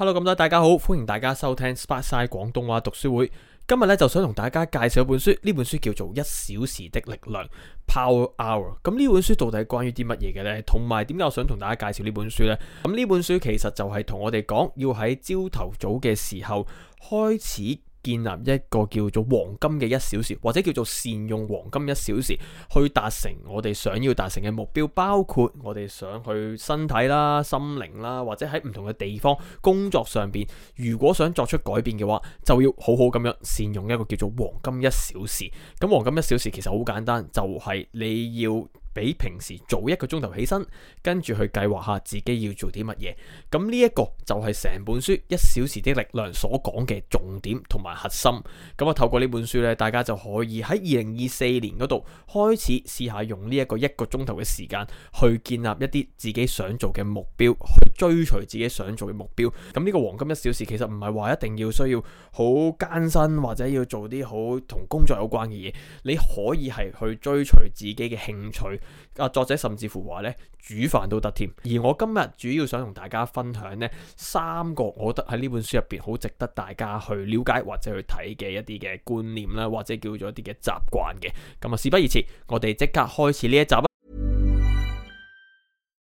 Hello，咁多大家好，歡迎大家收聽 Sparksine 廣東話讀書會。今日咧就想同大家介紹一本書，呢本書叫做《一小時的力量》（Power Hour）。咁呢本書到底係關於啲乜嘢嘅呢？同埋點解我想同大家介紹呢本書呢？咁呢本書其實就係同我哋講，要喺朝頭早嘅時候開始。建立一個叫做黃金嘅一小時，或者叫做善用黃金一小時去達成我哋想要達成嘅目標，包括我哋想去身體啦、心靈啦，或者喺唔同嘅地方工作上邊，如果想作出改變嘅話，就要好好咁樣善用一個叫做黃金一小時。咁黃金一小時其實好簡單，就係你要，比平時早一個鐘頭起身，跟住去計劃下自己要做啲乜嘢。咁呢一個就係成本書《一小時的力量》所講嘅重點同埋核心。咁啊透過呢本書呢，大家就可以喺二零二四年嗰度開始試下用呢一個一個鐘頭嘅時間去建立一啲自己想做嘅目標，去追隨自己想做嘅目標。咁呢個黃金一小時其實唔係話一定要需要好艱辛或者要做啲好同工作有關嘅嘢，你可以係去追隨自己嘅興趣。.啊！作者甚至乎話呢，煮飯都得添，而我今日主要想同大家分享呢三個我覺得喺呢本書入邊好值得大家去了解或者去睇嘅一啲嘅觀念啦，或者叫做一啲嘅習慣嘅。咁啊，事不宜遲，我哋即刻開始呢一集。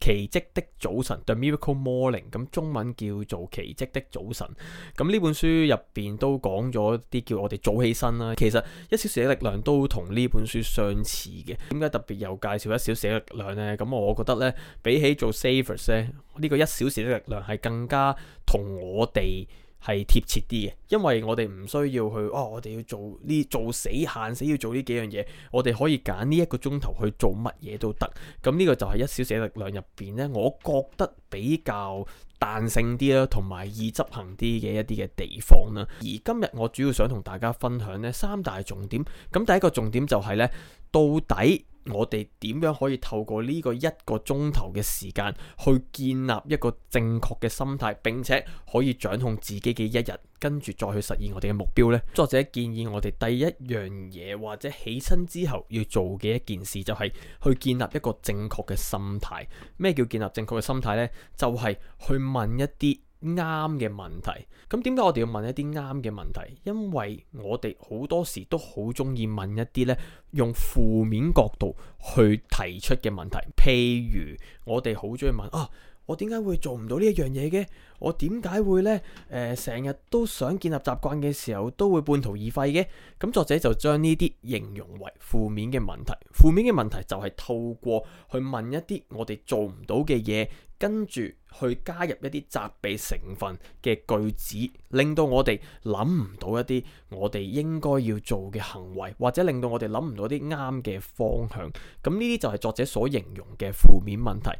奇蹟的早晨，The Miracle Morning，咁中文叫做奇蹟的早晨。咁呢本書入邊都講咗啲叫我哋早起身啦。其實一小時嘅力量都同呢本書相似嘅。點解特別又介紹一小時嘅力量呢？咁我覺得呢，比起做 Savers 呢，呢個一小時嘅力量係更加同我哋，係貼切啲嘅，因為我哋唔需要去，哦，我哋要做呢做死限死要做呢幾樣嘢，我哋可以揀呢一個鐘頭去做乜嘢都得。咁呢個就係一小時力量入邊呢，我覺得比較彈性啲啦，同埋易執行啲嘅一啲嘅地方啦。而今日我主要想同大家分享呢三大重點。咁第一個重點就係呢，到底我哋點樣可以透過呢個一個鐘頭嘅時間去建立一個正確嘅心態，並且可以掌控自己嘅一日，跟住再去實現我哋嘅目標咧？作者建議我哋第一樣嘢或者起身之後要做嘅一件事，就係去建立一個正確嘅心態。咩叫建立正確嘅心態咧？就係去問一啲。啱嘅問題，咁點解我哋要問一啲啱嘅問題？因為我哋好多時都好中意問一啲呢用負面角度去提出嘅問題，譬如我哋好中意問啊，我點解會做唔到呢一樣嘢嘅？我點解會呢？誒、呃，成日都想建立習慣嘅時候，都會半途而廢嘅。咁作者就將呢啲形容為負面嘅問題。負面嘅問題就係透過去問一啲我哋做唔到嘅嘢，跟住去加入一啲責備成分嘅句子，令到我哋諗唔到一啲我哋應該要做嘅行為，或者令到我哋諗唔到啲啱嘅方向。咁呢啲就係作者所形容嘅負面問題。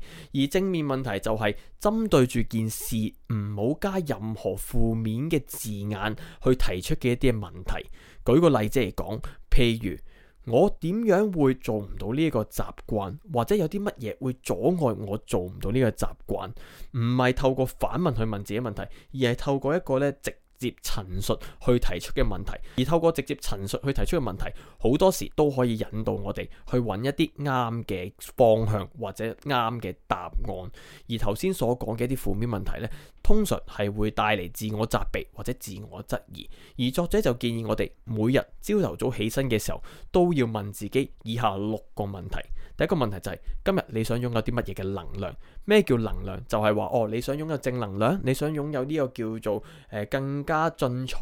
而正面問題就係針對住件事，唔好加任何負面嘅字眼去提出嘅一啲嘅問題。舉個例子嚟講，譬如我點樣會做唔到呢個習慣，或者有啲乜嘢會阻礙我做唔到呢個習慣？唔係透過反問去問自己問題，而係透過一個呢直。直接陳述去提出嘅問題，而透過直接陳述去提出嘅問題，好多時都可以引導我哋去揾一啲啱嘅方向或者啱嘅答案。而頭先所講嘅一啲負面問題呢，通常係會帶嚟自我責備或者自我質疑。而作者就建議我哋每日朝頭早起身嘅時候，都要問自己以下六個問題。第一個問題就係：今日你想擁有啲乜嘢嘅能量？咩叫能量？就係話哦，你想擁有正能量，你想擁有呢個叫做誒更更加進取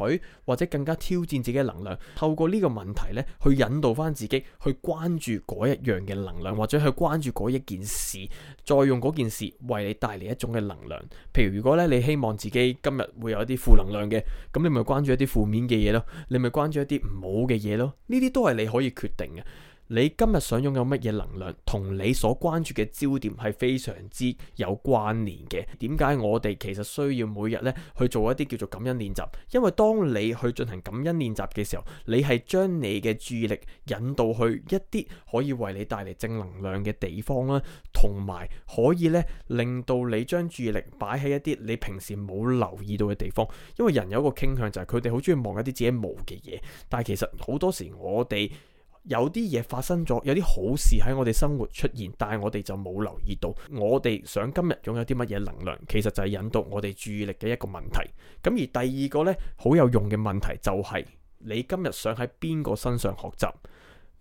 或者更加挑戰自己嘅能量，透過呢個問題呢，去引導翻自己去關注嗰一樣嘅能量，或者去關注嗰一件事，再用嗰件事為你帶嚟一種嘅能量。譬如如果咧你希望自己今日會有一啲負能量嘅，咁你咪關注一啲負面嘅嘢咯，你咪關注一啲唔好嘅嘢咯，呢啲都係你可以決定嘅。你今日想擁有乜嘢能量，同你所關注嘅焦點係非常之有關聯嘅。點解我哋其實需要每日呢去做一啲叫做感恩練習？因為當你去進行感恩練習嘅時候，你係將你嘅注意力引導去一啲可以為你帶嚟正能量嘅地方啦，同埋可以呢令到你將注意力擺喺一啲你平時冇留意到嘅地方。因為人有一個傾向就係佢哋好中意望一啲自己冇嘅嘢，但係其實好多時我哋。有啲嘢發生咗，有啲好事喺我哋生活出現，但係我哋就冇留意到。我哋想今日擁有啲乜嘢能量，其實就係引導我哋注意力嘅一個問題。咁而第二個呢，好有用嘅問題就係你今日想喺邊個身上學習？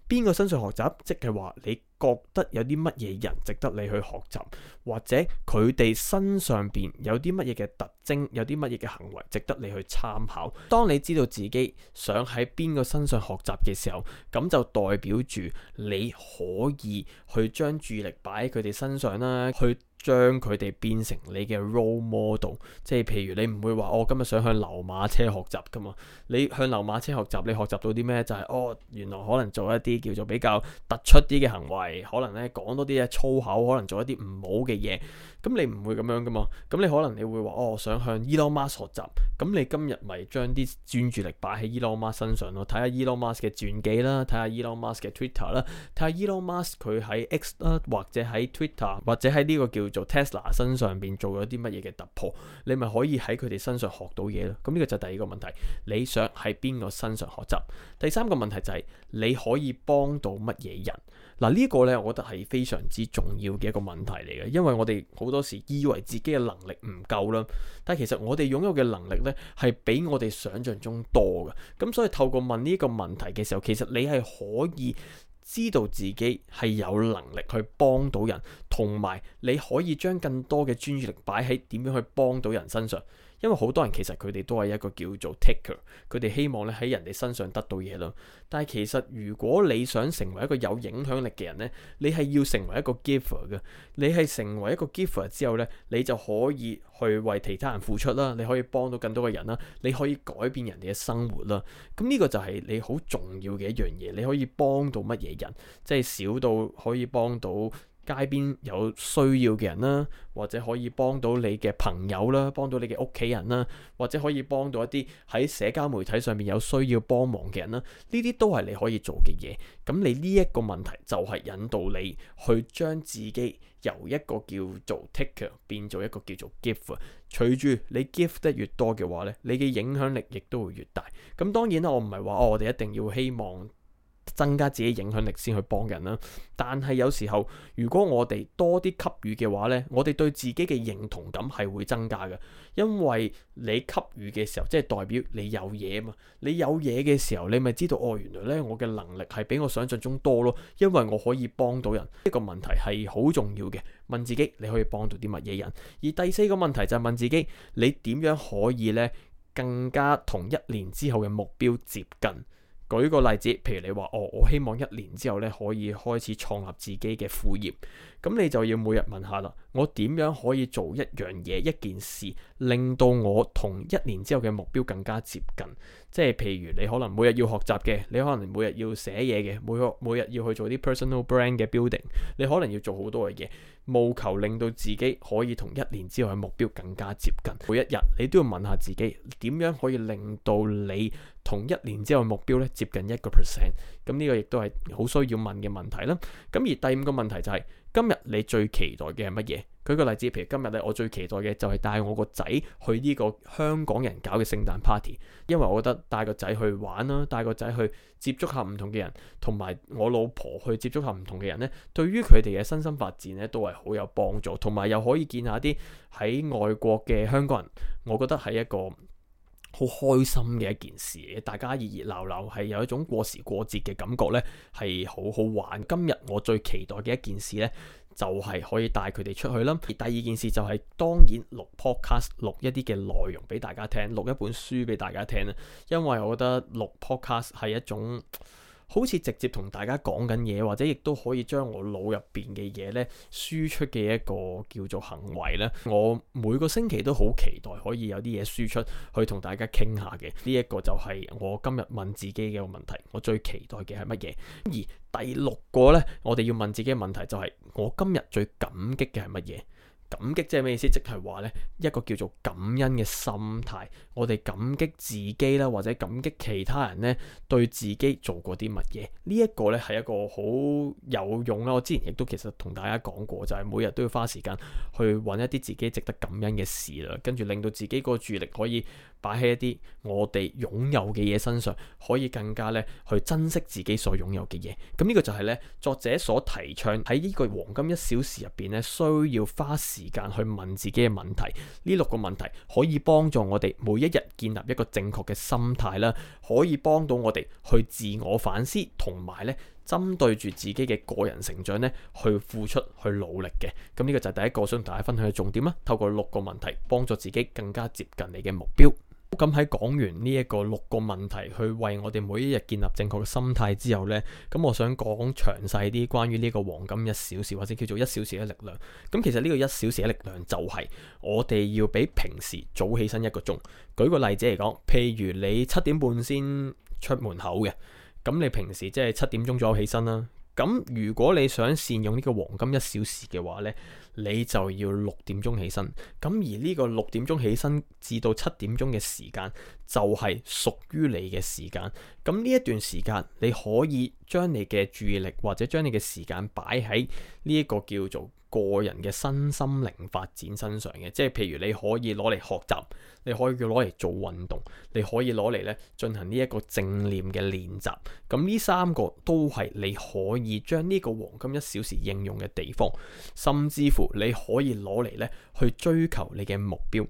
邊個身上學習，即係話你覺得有啲乜嘢人值得你去學習，或者佢哋身上邊有啲乜嘢嘅特徵，有啲乜嘢嘅行為值得你去參考。當你知道自己想喺邊個身上學習嘅時候，咁就代表住你可以去將注意力擺喺佢哋身上啦，去，將佢哋變成你嘅 role model，即係譬如你唔會話我今日想向劉馬車學習噶嘛？你向劉馬車學習，你學習到啲咩就係、是、哦，原來可能做一啲叫做比較突出啲嘅行為，可能咧講多啲嘅粗口，可能做一啲唔好嘅嘢。咁你唔會咁樣噶嘛？咁你可能你會話，哦，我想向 Elon Musk 學習。咁你今日咪將啲專注力擺喺 Elon Musk 身上咯，睇下 Elon Musk 嘅傳記啦，睇下 Elon Musk 嘅 Twitter 啦，睇下 Elon Musk 佢喺 X 啦，或者喺 Twitter，或者喺呢個叫做 Tesla 身上邊做咗啲乜嘢嘅突破，你咪可以喺佢哋身上學到嘢咯。咁呢個就第二個問題，你想喺邊個身上學習？第三個問題就係、是、你可以幫到乜嘢人？嗱，呢個呢，我覺得係非常之重要嘅一個問題嚟嘅，因為我哋好多時以為自己嘅能力唔夠啦，但其實我哋擁有嘅能力呢，係比我哋想象中多嘅，咁、嗯、所以透過問呢一個問題嘅時候，其實你係可以知道自己係有能力去幫到人，同埋你可以將更多嘅專注力擺喺點樣去幫到人身上。因為好多人其實佢哋都係一個叫做 taker，佢哋希望咧喺人哋身上得到嘢咯。但係其實如果你想成為一個有影響力嘅人咧，你係要成為一個 giver 嘅。你係成為一個 giver 之後咧，你就可以去為其他人付出啦，你可以幫到更多嘅人啦，你可以改變人哋嘅生活啦。咁呢個就係你好重要嘅一樣嘢。你可以幫到乜嘢人？即係少到可以幫到。街邊有需要嘅人啦，或者可以幫到你嘅朋友啦，幫到你嘅屋企人啦，或者可以幫到一啲喺社交媒體上面有需要幫忙嘅人啦，呢啲都係你可以做嘅嘢。咁你呢一個問題就係引導你去將自己由一個叫做 taker 變做一個叫做 give。隨住你 give 得越多嘅話呢，你嘅影響力亦都會越大。咁當然啦，我唔係話哦，我哋一定要希望。增加自己影響力先去幫人啦。但係有時候，如果我哋多啲給予嘅話，呢我哋對自己嘅認同感係會增加嘅。因為你給予嘅時候，即係代表你有嘢啊嘛。你有嘢嘅時候，你咪知道哦，原來呢我嘅能力係比我想象中多咯。因為我可以幫到人。呢個問題係好重要嘅，問自己你可以幫到啲乜嘢人。而第四個問題就係問自己，你點樣可以呢更加同一年之後嘅目標接近？舉個例子，譬如你話哦，我希望一年之後咧可以開始創立自己嘅副業，咁你就要每日問下啦。我點樣可以做一樣嘢一件事，令到我同一年之後嘅目標更加接近？即係譬如你可能每日要學習嘅，你可能每日要寫嘢嘅，每學每日要去做啲 personal brand 嘅 building，你可能要做好多嘅嘢，務求令到自己可以同一年之後嘅目標更加接近。每一日你都要問下自己，點樣可以令到你同一年之後嘅目標咧接近一個 percent？咁呢個亦都係好需要問嘅問題啦。咁而第五個問題就係、是。今日你最期待嘅係乜嘢？舉個例子，譬如今日咧，我最期待嘅就係帶我個仔去呢個香港人搞嘅聖誕 party，因為我覺得帶個仔去玩啦，帶個仔去接觸下唔同嘅人，同埋我老婆去接觸下唔同嘅人咧，對於佢哋嘅身心發展咧都係好有幫助，同埋又可以見下啲喺外國嘅香港人，我覺得係一個好開心嘅一件事，大家熱熱鬧鬧，係有一種過時過節嘅感覺呢，係好好玩。今日我最期待嘅一件事呢，就係可以帶佢哋出去啦。第二件事就係，當然錄 podcast 錄一啲嘅內容俾大家聽，錄一本書俾大家聽啦。因為我覺得錄 podcast 係一種。好似直接同大家講緊嘢，或者亦都可以將我腦入邊嘅嘢呢，輸出嘅一個叫做行為呢，我每個星期都好期待可以有啲嘢輸出去同大家傾下嘅。呢、這、一個就係我今日問自己嘅一個問題，我最期待嘅係乜嘢？而第六個呢，我哋要問自己嘅問題就係、是、我今日最感激嘅係乜嘢？感激即係咩意思？即係話呢，一個叫做感恩嘅心態，我哋感激自己啦，或者感激其他人呢，對自己做過啲乜嘢？呢一個呢，係一個好有用啦。我之前亦都其實同大家講過，就係每日都要花時間去揾一啲自己值得感恩嘅事啦，跟住令到自己個注意力可以。擺喺一啲我哋擁有嘅嘢身上，可以更加咧去珍惜自己所擁有嘅嘢。咁、嗯、呢、這個就係咧作者所提倡喺呢個黃金一小時入面咧，需要花時間去問自己嘅問題。呢六個問題可以幫助我哋每一日建立一個正確嘅心態啦，可以幫到我哋去自我反思，同埋咧針對住自己嘅個人成長咧去付出去努力嘅。咁、嗯、呢、這個就係第一個想同大家分享嘅重點啦。透過六個問題幫助自己更加接近你嘅目標。咁喺講完呢一個六個問題，去為我哋每一日建立正確嘅心態之後呢，咁我想講詳細啲關於呢個黃金一小時或者叫做一小時嘅力量。咁其實呢個一小時嘅力量就係我哋要比平時早起身一個鐘。舉個例子嚟講，譬如你七點半先出門口嘅，咁你平時即係七點鐘左右起身啦，啊。咁如果你想善用呢個黃金一小時嘅話呢，你就要六點鐘起身。咁而呢個六點鐘起身至到七點鐘嘅時間就係屬於你嘅時間。咁呢一段時間你可以將你嘅注意力或者將你嘅時間擺喺呢一個叫做。個人嘅身心靈發展身上嘅，即係譬如你可以攞嚟學習，你可以攞嚟做運動，你可以攞嚟咧進行呢一個正念嘅練習。咁呢三個都係你可以將呢個黃金一小時應用嘅地方，甚至乎你可以攞嚟咧去追求你嘅目標。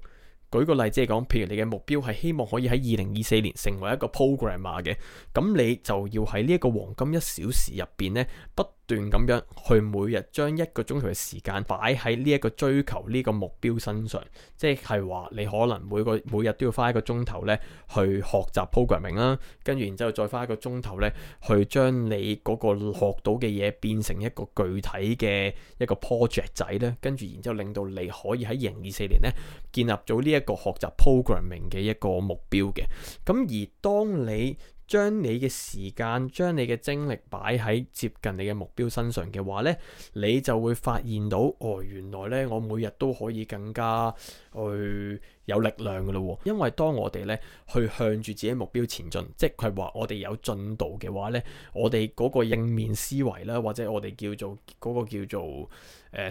舉個例，即係講，譬如你嘅目標係希望可以喺二零二四年成為一個 programmer 嘅，咁你就要喺呢一個黃金一小時入邊咧不。段咁樣去每日將一個鐘頭嘅時間擺喺呢一個追求呢個目標身上，即係話你可能每個每日都要花一個鐘頭呢去學習 programming 啦，跟住然之後再花一個鐘頭呢去將你嗰個學到嘅嘢變成一個具體嘅一個 project 仔呢。跟住然之後令到你可以喺二零二四年呢建立咗呢一個學習 programming 嘅一個目標嘅，咁而當你。將你嘅時間、將你嘅精力擺喺接近你嘅目標身上嘅話呢，你就會發現到，哦，原來呢，我每日都可以更加去。呃有力量嘅咯，因為當我哋咧去向住自己目標前進，即係話我哋有進度嘅話咧，我哋嗰個應面思維啦，或者我哋叫做嗰個叫做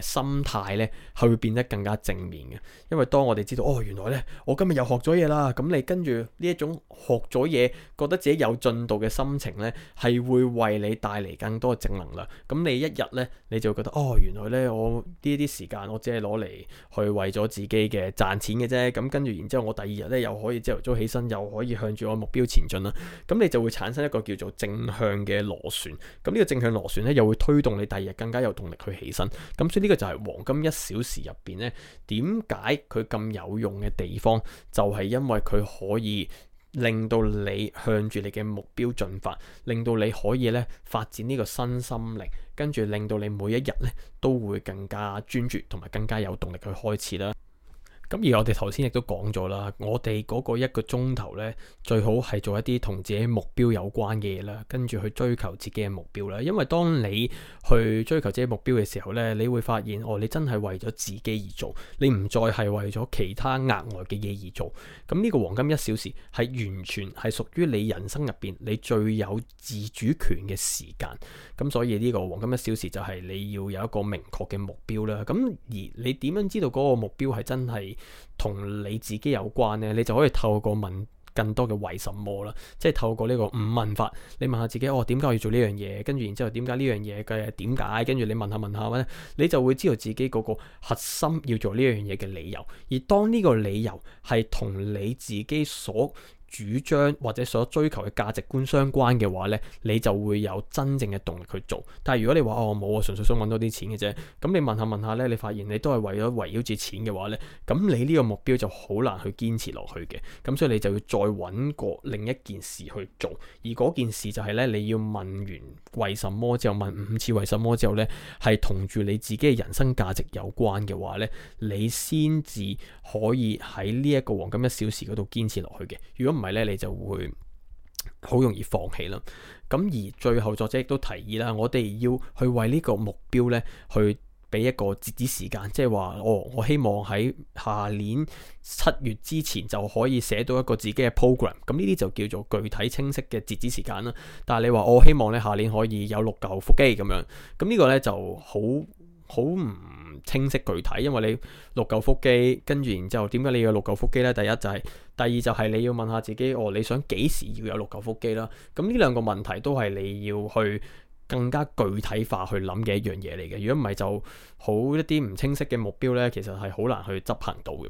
誒心態咧，係會變得更加正面嘅。因為當我哋知道哦，原來咧我今日又學咗嘢啦，咁你跟住呢一種學咗嘢，覺得自己有進度嘅心情咧，係會為你帶嚟更多嘅正能量。咁你一日咧，你就會覺得哦，原來咧我呢啲時間我只係攞嚟去為咗自己嘅賺錢嘅啫，咁。跟住，然之後我第二日咧又可以朝頭早起身，又可以向住我目標前進啦。咁你就會產生一個叫做正向嘅螺旋。咁呢個正向螺旋咧，又會推動你第二日更加有動力去起身。咁所以呢個就係黃金一小時入邊咧，點解佢咁有用嘅地方，就係因為佢可以令到你向住你嘅目標進發，令到你可以咧發展呢個新心靈，跟住令到你每一日咧都會更加專注，同埋更加有動力去開始啦。咁而我哋頭先亦都講咗啦，我哋嗰個一個鐘頭呢，最好係做一啲同自己目標有關嘅嘢啦，跟住去追求自己嘅目標啦。因為當你去追求自己目標嘅時候呢，你會發現哦，你真係為咗自己而做，你唔再係為咗其他額外嘅嘢而做。咁呢個黃金一小時係完全係屬於你人生入邊你最有自主權嘅時間。咁所以呢個黃金一小時就係你要有一個明確嘅目標啦。咁而你點樣知道嗰個目標係真係同你自己有關咧，你就可以透過問更多嘅為什麼啦，即係透過呢個五問法，你問下自己，哦，我點解要做呢樣嘢？跟住然之後，然後，點解呢樣嘢嘅點解？跟住你問下問下，咧，你就會知道自己個個核心要做呢樣嘢嘅理由。而當呢個理由係同你自己所主張或者所追求嘅價值觀相關嘅話呢，你就會有真正嘅動力去做。但係如果你話，哦，冇啊，我我純粹想揾多啲錢嘅啫，咁你問下問下呢，你發現你都係為咗圍繞住錢嘅話呢，咁你呢個目標就好難去堅持落去嘅。咁所以你就要再揾過另一件事去做，而嗰件事就係呢：你要問完為什麼之後，問五次為什麼之後咧，係同住你自己嘅人生價值有關嘅話咧，你先至可以喺呢一個黃金一小時嗰度堅持落去嘅。如果唔，係咧，你就會好容易放棄啦。咁而最後作者亦都提議啦，我哋要去為呢個目標呢，去俾一個截止時間，即係話哦，我希望喺下年七月之前就可以寫到一個自己嘅 program。咁呢啲就叫做具體清晰嘅截止時間啦。但係你話，哦，我希望咧下年可以有六嚿腹肌咁樣，咁呢個呢，就好。好唔清晰具體，因為你六嚿腹肌，跟住，然之後點解你要六嚿腹肌呢？第一就係，第二就係你要問下自己，哦，你想幾時要有六嚿腹肌啦？咁呢兩個問題都係你要去更加具體化去諗嘅一樣嘢嚟嘅。如果唔係就好一啲唔清晰嘅目標呢，其實係好難去執行到嘅。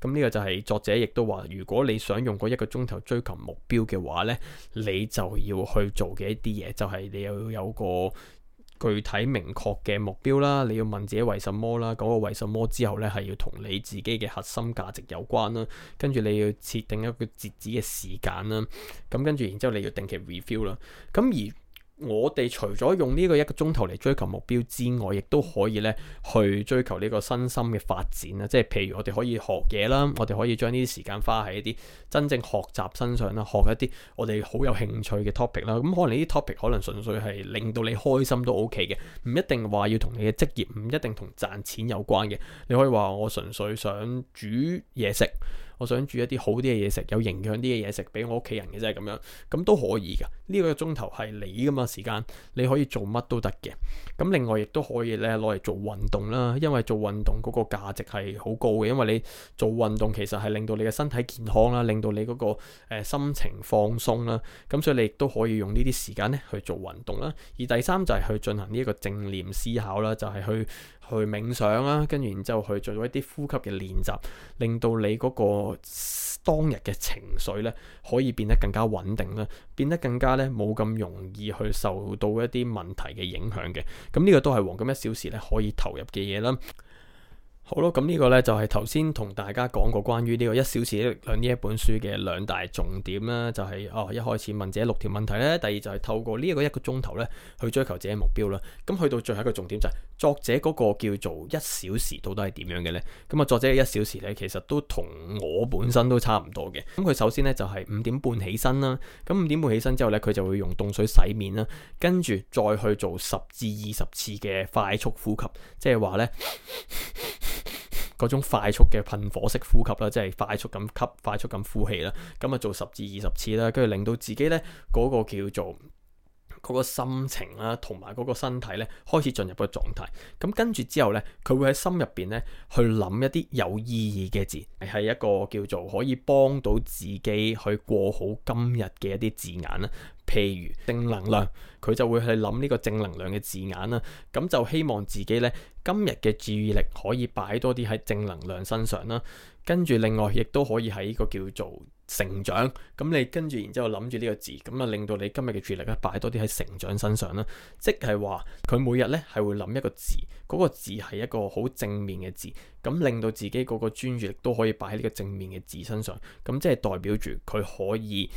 咁呢個就係作者亦都話，如果你想用嗰一個鐘頭追求目標嘅話呢，你就要去做嘅一啲嘢，就係你要有個。具體明確嘅目標啦，你要問自己為什麼啦，講個為什麼之後咧，係要同你自己嘅核心價值有關啦，跟住你要設定一個截止嘅時間啦，咁跟住然之後你要定期 review 啦，咁而。我哋除咗用呢個一個鐘頭嚟追求目標之外，亦都可以呢去追求呢個身心嘅發展啦。即係譬如我哋可以學嘢啦，我哋可以將呢啲時間花喺一啲真正學習身上啦，學一啲我哋好有興趣嘅 topic 啦。咁、嗯、可能呢啲 topic 可能純粹係令到你開心都 OK 嘅，唔一定話要同你嘅職業，唔一定同賺錢有關嘅。你可以話我純粹想煮嘢食。我想煮一啲好啲嘅嘢食，有營養啲嘅嘢食俾我屋企人嘅啫，咁樣咁都可以噶。呢個鐘頭係你噶嘛時間，你可以做乜都得嘅。咁另外亦都可以咧攞嚟做運動啦，因為做運動嗰個價值係好高嘅，因為你做運動其實係令到你嘅身體健康啦，令到你嗰個、呃、心情放鬆啦。咁所以你亦都可以用呢啲時間咧去做運動啦。而第三就係去進行呢一個正念思考啦，就係去，去冥想啦，跟住然之後去做一啲呼吸嘅練習，令到你嗰個當日嘅情緒咧可以變得更加穩定啦，變得更加咧冇咁容易去受到一啲問題嘅影響嘅。咁呢個都係黃金一小時咧可以投入嘅嘢啦。好咯，咁呢個呢，就係頭先同大家講過關於呢個一小時呢一本書嘅兩大重點啦，就係、是、哦一開始問自己六條問題咧，第二就係透過呢一個一個鐘頭呢去追求自己目標啦。咁去到最後一個重點就係、是、作者嗰個叫做一小時到底係點樣嘅呢。咁啊作者嘅一小時呢，其實都同我本身都差唔多嘅。咁佢首先呢，就係、是、五點半起身啦，咁五點半起身之後呢，佢就會用凍水洗面啦，跟住再去做十至二十次嘅快速呼吸，即係話呢。 嗰種快速嘅噴火式呼吸啦，即係快速咁吸、快速咁呼氣啦。咁啊做十至二十次啦，跟住令到自己呢嗰個叫做嗰個心情啦，同埋嗰個身體呢，開始進入個狀態。咁跟住之後呢，佢會喺心入邊呢去諗一啲有意義嘅字，係一個叫做可以幫到自己去過好今日嘅一啲字眼啦。譬如正能量，佢就會去諗呢個正能量嘅字眼啦，咁就希望自己呢今日嘅注意力可以擺多啲喺正能量身上啦。跟住另外，亦都可以喺呢個叫做成長，咁你跟住然之後諗住呢個字，咁啊令到你今日嘅注意力咧擺多啲喺成長身上啦。即係話佢每日呢係會諗一個字，嗰個字係一個好正面嘅字，咁令到自己嗰個專注力都可以擺喺呢個正面嘅字身上，咁即係代表住佢可以。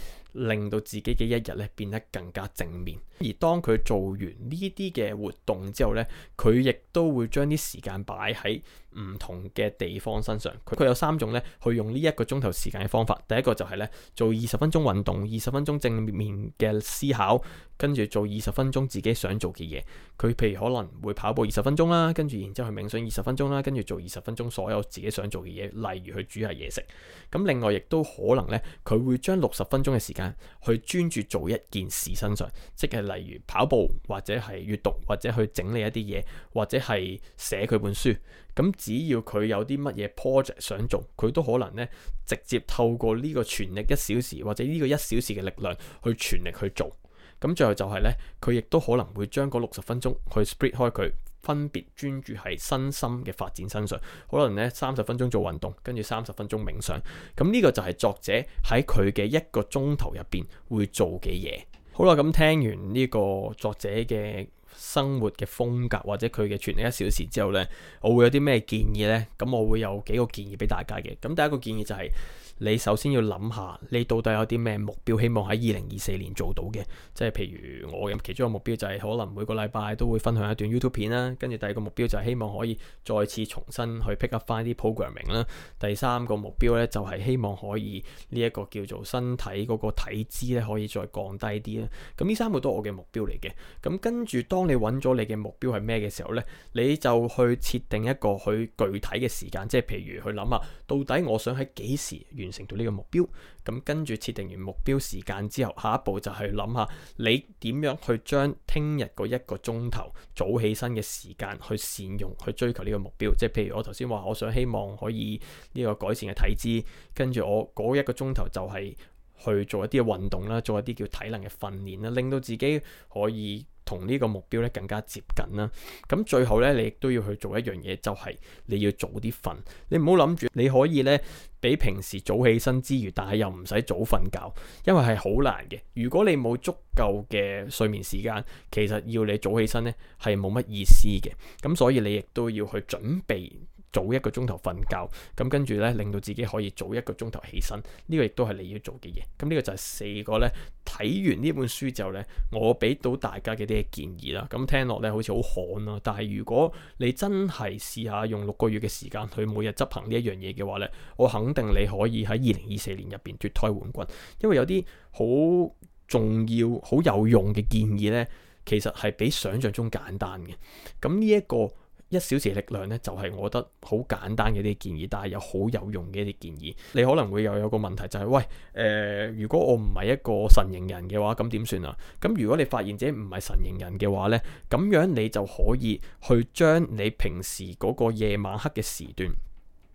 令到自己嘅一日咧變得更加正面，而當佢做完呢啲嘅活動之後呢，佢亦都會將啲時間擺喺唔同嘅地方身上。佢佢有三種呢去用呢一個鐘頭時，時間嘅方法，第一個就係呢：做二十分鐘運動，二十分鐘正面嘅思考。跟住做二十分鐘自己想做嘅嘢，佢譬如可能會跑步二十分鐘啦，跟住然之後去冥想二十分鐘啦，跟住做二十分鐘所有自己想做嘅嘢，例如去煮下嘢食。咁另外亦都可能呢，佢會將六十分鐘嘅時間去專注做一件事身上，即係例如跑步或者係閱讀或者去整理一啲嘢，或者係寫佢本書。咁只要佢有啲乜嘢 project 想做，佢都可能呢，直接透過呢個全力一小時或者呢個一小時嘅力量去全力去做。咁最後就係咧，佢亦都可能會將嗰六十分鐘去 split 開佢，分別專注喺身心嘅發展身上。可能咧三十分鐘做運動，跟住三十分鐘冥想。咁呢個就係作者喺佢嘅一個鐘頭入邊會做嘅嘢。好啦，咁聽完呢個作者嘅生活嘅風格或者佢嘅全日一小時之後呢，我會有啲咩建議呢？咁我會有幾個建議俾大家嘅。咁第一個建議就係、是、你首先要諗下，你到底有啲咩目標希望喺二零二四年做到嘅？即係譬如我嘅其中一個目標就係、是、可能每個禮拜都會分享一段 YouTube 片啦，跟住第二個目標就係希望可以再次重新去 pick up 翻啲 programming 啦。第三個目標呢，就係、是、希望可以呢一個叫做身體嗰個體脂呢，可以再降低啲啦。咁呢三個都係我嘅目標嚟嘅。咁跟住當你揾咗你嘅目標係咩嘅時候咧？你就去設定一個佢具體嘅時間，即係譬如去諗下，到底我想喺幾時完成到呢個目標，咁跟住設定完目標時間之後，下一步就係諗下你點樣去將聽日嗰一個鐘頭早起身嘅時間去善用，去追求呢個目標，即係譬如我頭先話，我想希望可以呢個改善嘅體脂，跟住我嗰一個鐘頭就係去做一啲嘅運動啦，做一啲叫體能嘅訓練啦，令到自己可以。同呢個目標咧更加接近啦。咁最後咧，你亦都要去做一樣嘢，就係你要早啲瞓。你唔好諗住你可以咧，比平時早起身之餘，但係又唔使早瞓覺，因為係好難嘅。如果你冇足夠嘅睡眠時間，其實要你早起身咧係冇乜意思嘅。咁所以你亦都要去準備。早一個鐘頭瞓覺，咁跟住咧，令到自己可以早一個鐘頭起身，呢、這個亦都係你要做嘅嘢。咁、這、呢個就係四個呢。睇完呢本書之後呢，我俾到大家嘅啲建議啦。咁聽落呢，好似好 hard 咯。但係如果你真係試下用六個月嘅時間去每日執行呢一樣嘢嘅話呢，我肯定你可以喺二零二四年入邊脫胎換骨。因為有啲好重要、好有用嘅建議呢，其實係比想象中簡單嘅。咁呢一個，一小時力量呢，就係我覺得好簡單嘅一啲建議，但係又好有用嘅一啲建議。你可能會有有個問題就係、是，喂，誒、呃，如果我唔係一個晨型人嘅話，咁點算啊？咁如果你發現自己唔係晨型人嘅話呢，咁樣你就可以去將你平時嗰個夜晚黑嘅時段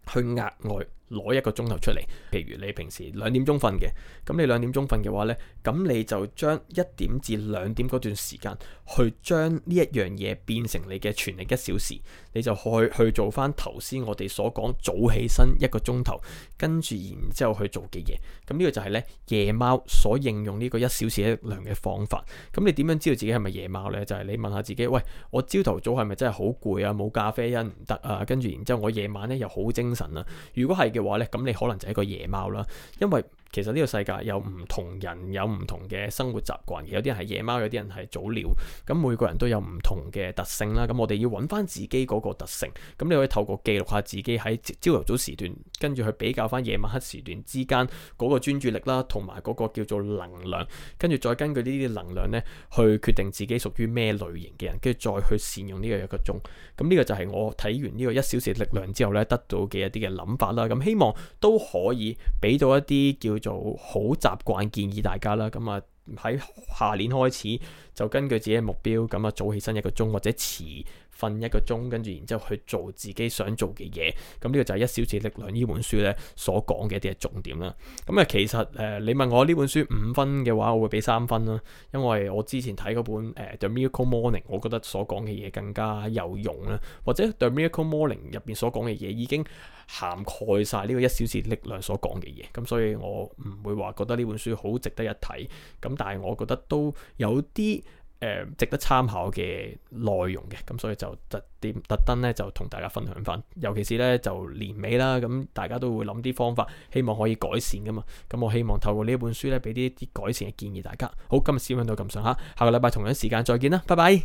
去額外，攞一個鐘頭出嚟，譬如你平時兩點鐘瞓嘅，咁你兩點鐘瞓嘅話呢，咁你就將一點至兩點嗰段時間，去將呢一樣嘢變成你嘅全力一小時，你就去去做翻頭先我哋所講早起身一個鐘頭，跟住然之後去做嘅嘢，咁呢個就係呢夜貓所應用呢個一小時一量嘅方法。咁你點樣知道自己係咪夜貓呢？就係你問下自己，喂，我朝頭早係咪真係好攰啊？冇咖啡因唔得啊？跟住然之後我夜晚呢又好精神啊？如果係，嘅話，咧，咁你可能就係一個夜貓啦，因為。其實呢個世界有唔同人，有唔同嘅生活習慣，有啲人係夜貓，有啲人係早鳥。咁每個人都有唔同嘅特性啦。咁我哋要揾翻自己嗰個特性。咁你可以透過記錄下自己喺朝頭早時段，跟住去比較翻夜晚黑時段之間嗰個專注力啦，同埋嗰個叫做能量。跟住再根據呢啲能量呢，去決定自己屬於咩類型嘅人，跟住再去善用呢個一個鐘。咁呢個就係我睇完呢個一小時力量之後呢，得到嘅一啲嘅諗法啦。咁希望都可以俾到一啲叫～做好習慣建議大家啦，咁啊喺下年開始就根據自己嘅目標，咁、嗯、啊早起身一個鐘或者遲瞓一個鐘，跟住然之後去做自己想做嘅嘢，咁呢個就係《一小時力量》呢本書咧所講嘅一啲重點啦。咁、嗯、啊，其實誒、呃、你問我呢本書五分嘅話，我會俾三分啦，因為我之前睇嗰本誒、呃《The Miracle Morning》，我覺得所講嘅嘢更加有用啦，或者《The Miracle Morning》入邊所講嘅嘢已經，涵蓋晒呢個一小時力量所講嘅嘢，咁所以我唔會話覺得呢本書好值得一睇，咁但係我覺得都有啲誒、呃、值得參考嘅內容嘅，咁所以就特點特登咧就同大家分享翻，尤其是咧就年尾啦，咁大家都會諗啲方法，希望可以改善噶嘛，咁我希望透過呢一本書咧俾啲啲改善嘅建議大家。好，今日先講到咁上下，下個禮拜同樣時間再見啦，拜拜。